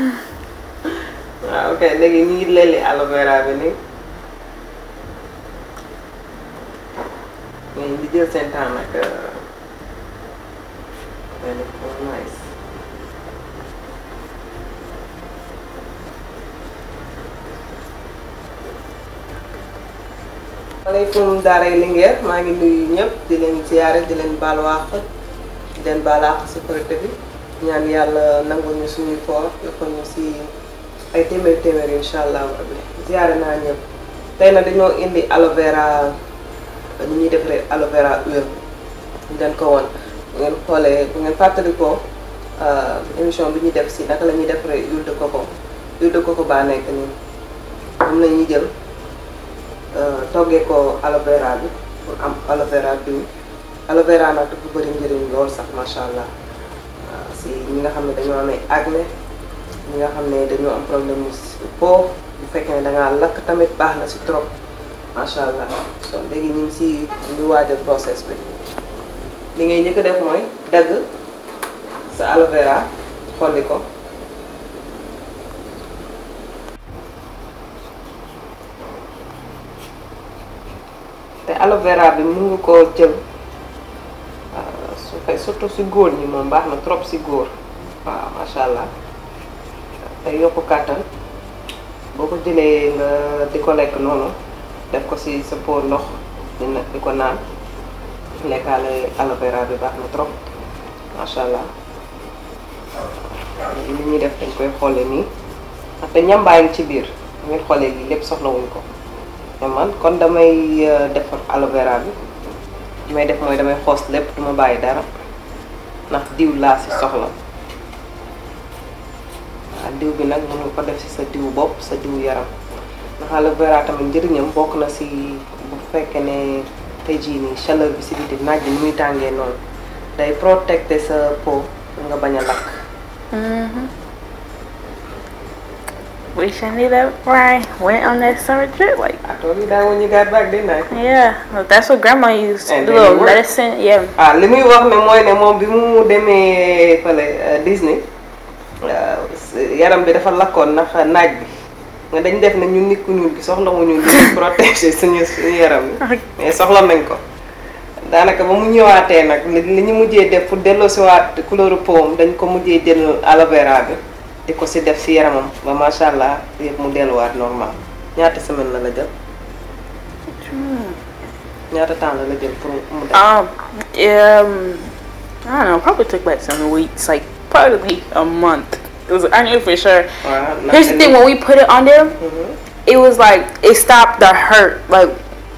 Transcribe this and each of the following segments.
Ah, Oke, kay léegi ñu aloe vera ini di e, nice maaleykum daaray Linguère maa ngi nuyu ñëpp di leen di leen di ñaan yàlla nangu ñu suñuy koor yokk si ay téeméer téeméer incha allahu ziare naa ñëpp tey na dañoo indi aloe vera ñu ñuy defaree aloe vera huile ñu leen ko woon bu ngeen xoolee bu ngeen fàttalikoo euh, émission bi ñu def si naka lañuy def defaree huile de coco koko de coco baa nekk nii moom la ñuy jël euh, toggee ko aloe bi pour am aloe vera bi aloe nag dafa bëri njëriñ lool sax macha allah. si ñi nga xam ne dañoo amee acné ñi nga xam ne dañoo am problème mu peau bu fekkee ne da lakk tamit baax na si trop macha allah donc léegi ñu ngi si ñu waajal process bi li ngay njëkk def mooy dagg sa aloe xolli ko. te aloe vera bi mu ngi ko jël. tey surtout si góor ñi moom baax na trop si góor waaw macha allah tey yokku kàttan boo ko jëlee nga di ko lekk noonu def ko si sa pot ndox dina di ko naan lekkaale aloe vera bi baax na trop macha allah li ñuy def dañ koy xoole nii ndaxte ñambaa ngi ci biir ngeen xoole lii lépp wuñ ko te man kon damay eh, defar aloe vera bi may def mooy damay xoos lépp duma bàyyi dara ndax diw laa si soxla waaw diw bi nag mën nga def si sa diw bopp sa diw yaram ndax aloe vera tamit njëriñam bokk na si bu fekkee ne tey jii nii chaleur bi si biti naaj muy tàngee noonu day protecter sa peau nga bañ a lakk. Mm-hmm. wish I knew that right. Went on that summer trip. Like I told you that when you got back, didn't I? Yeah, well, that's what Grandma used. A little medicine. Yeah. Ah, let me walk me more than one bimu deme eh, fale uh, Disney. Uh, yaram bi dafa lakkoon ndax naaj bi nga dañ def ne ñun nit ku ñuul bi soxla wuñu ñu protéger suñu suñu yaram yi mais soxla nañ ko daanaka ba mu ñëwaatee nag li ñu mujjee def pour delloosiwaat couleur pomme dañ ko mujjee jël aloe vera bi di ko def si yaramam ba macha allah yëpp mu delluwaat normal ñaata semaine la la jël. ñaata temps la la jël pour mu um, um, I don't know probably took like seven weeks like probably a month. It was I knew for sure. Wow, Here's the thing when we put it on there, mm -hmm. it was like it stopped the hurt like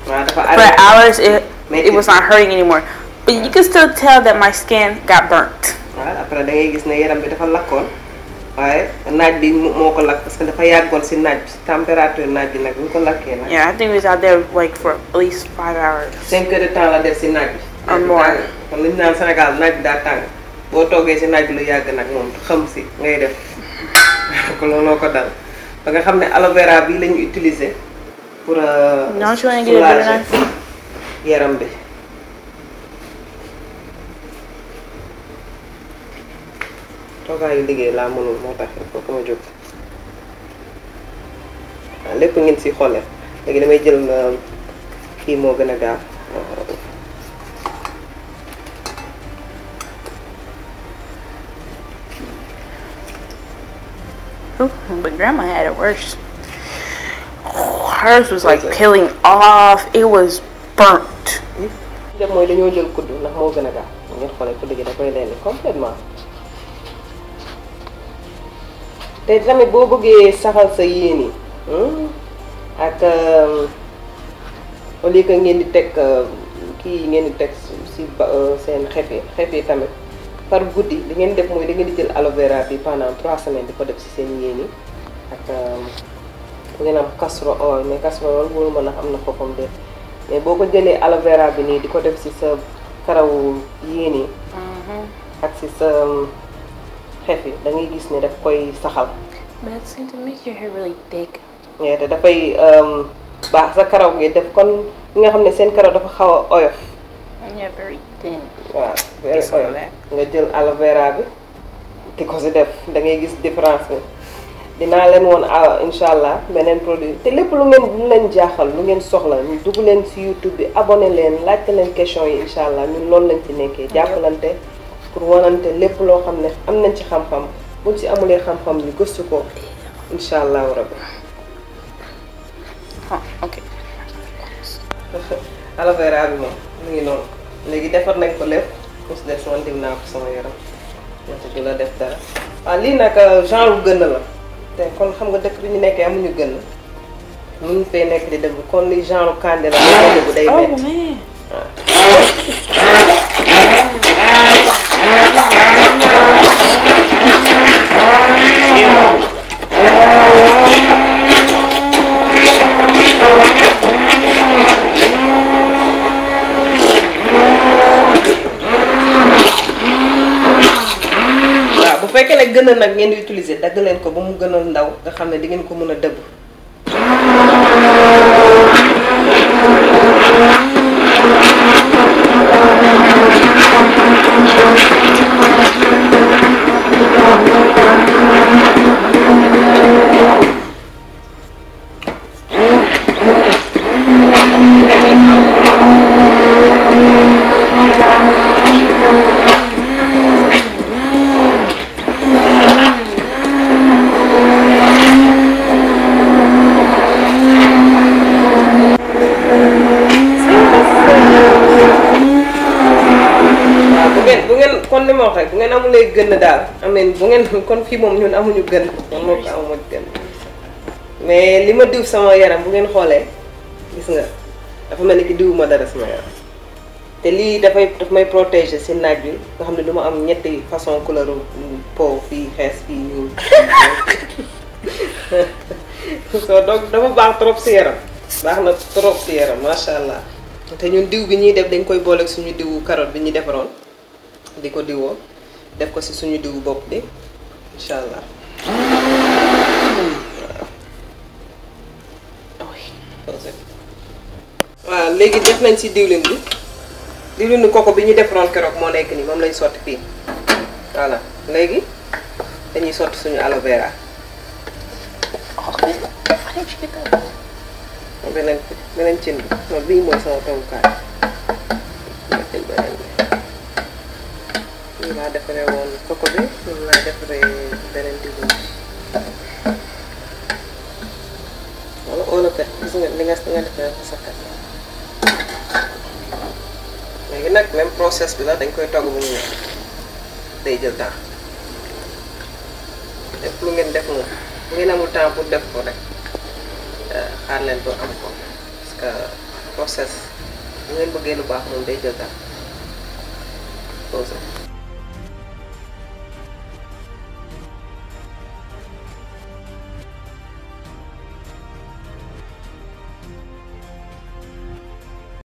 wow, for hours. It it was not hurting anymore, but you can still tell that my skin got burnt. waaw waaye naaj bi moo ko lakk parce que dafa yàggoon si naaj bi température naaj bi nag bu ñu ko lakkee nag. yeah I think we was out there like for at least five hours. cinq de temps la def si naaj bi. am more kon li ñu naan Sénégal naaj bi daa tàng boo toogee si naaj bi lu yàgg nag moom xam si ngay def ko looloo ko dal ba nga xam ne aloe vera bii utiliser pour. Euh, non yaram bi. soogay liggéey laa mënul moo tax kooku ma jóg waaw ah, si xoolee lagi damay jël euh, oh, But grandma had it worse. Hers was like peeling off. It was burnt. mooy dañoo té tamit boo bëggee saxal sa yéene hmm. ak au lieu que ngeen di teg kii ngeen di teg si seen xef yi xef eh, yi tamit par guddi li ngeen def mooy da ngeen di jël aloe vera bi pendant trois semaines di ko def si seen yéene ak ngeen am castor oil mais castor oil wóolu mën a am na xoxam de mais boo ko jëlee aloe vera bi nii di ko def si sa karawu yéene mhm. ak si sa xef yi da gis ni daf koy saxal. but it's going to dafay um, baax sa def kon ñi nga xam ne seen karaw dafa xaw a oyof. yeah very thin. waaw nga jël aloe vera bi di ko si def da ngay gis différence bi dinaa leen woon ah, incha allah beneen produit te lépp lu ngeen lu leen jaaxal lu ngeen soxla ñu dugg leen si YouTube bi abonné leen laajte leen question yi incha allah ñun loolu lañ ci nekkee jàppalante. pour wanante lépp loo xam ne am nañ ci xam-xam buñ ci amulee xam-xam ñu gëstu ko incha allahu rabbi. ah ok. aloe vera bi moom mu ngi noonu léegi defar nañ ko lépp ku si des man diw naa ko sama yaram wante du la def dara waaw lii nag euh, genre gën la te kon xam nga def bi ñu nekkee am ñu gën muñ fay nekk di déglu kon li genre kànde la bu day oh, métti fekkee ne gën a nag ngeen di utiliser dagg leen ko ba mu gën ndaw nga xam di ngeen ko mën a dëbb Thank you. ma wax rek bu ngeen amulee gën daal ameen bu ngeen kon fii moom ñun amuñu gën man ko amuma gën mais li diw sama yaram bu ngeen xoolee gis nga dafa mel ni ki diwuma dara sama yaram te lii dafay daf may protéger si naaj bi nga xam ne am ñetti façon couleur peau fii xees so donc dafa baax trop si yaram baax na trop si yaram macha allah te ñun diw bi ñuy def dañ koy booleeg suñu diwu carotte bi di ko diwoo def ko si suñu diwu bopp bi incha allah. waaw léegi def nañ si diwlin bi diwlinu koko bi ñu defaroon keroog moo nekk nii moom lay sotti fii voilà léegi dañuy sot suñu aloe vera. beneen beneen cin bi moom bii mooy sama toogukaay. laa defaree woon koko bi moom laa defaree beneen diwlin wala on kat gis nga li nga li nga defaree ko sa kat léegi nag même process bi la dañ koy togg bu ñu ñëw day jël temps lépp lu ngeen def moom ngeen amul temps pour def ko rek eh. xaar eh, leen doo am ko parce que process bu ngeen bëggee lu baax moom day jël temps. どうぞ。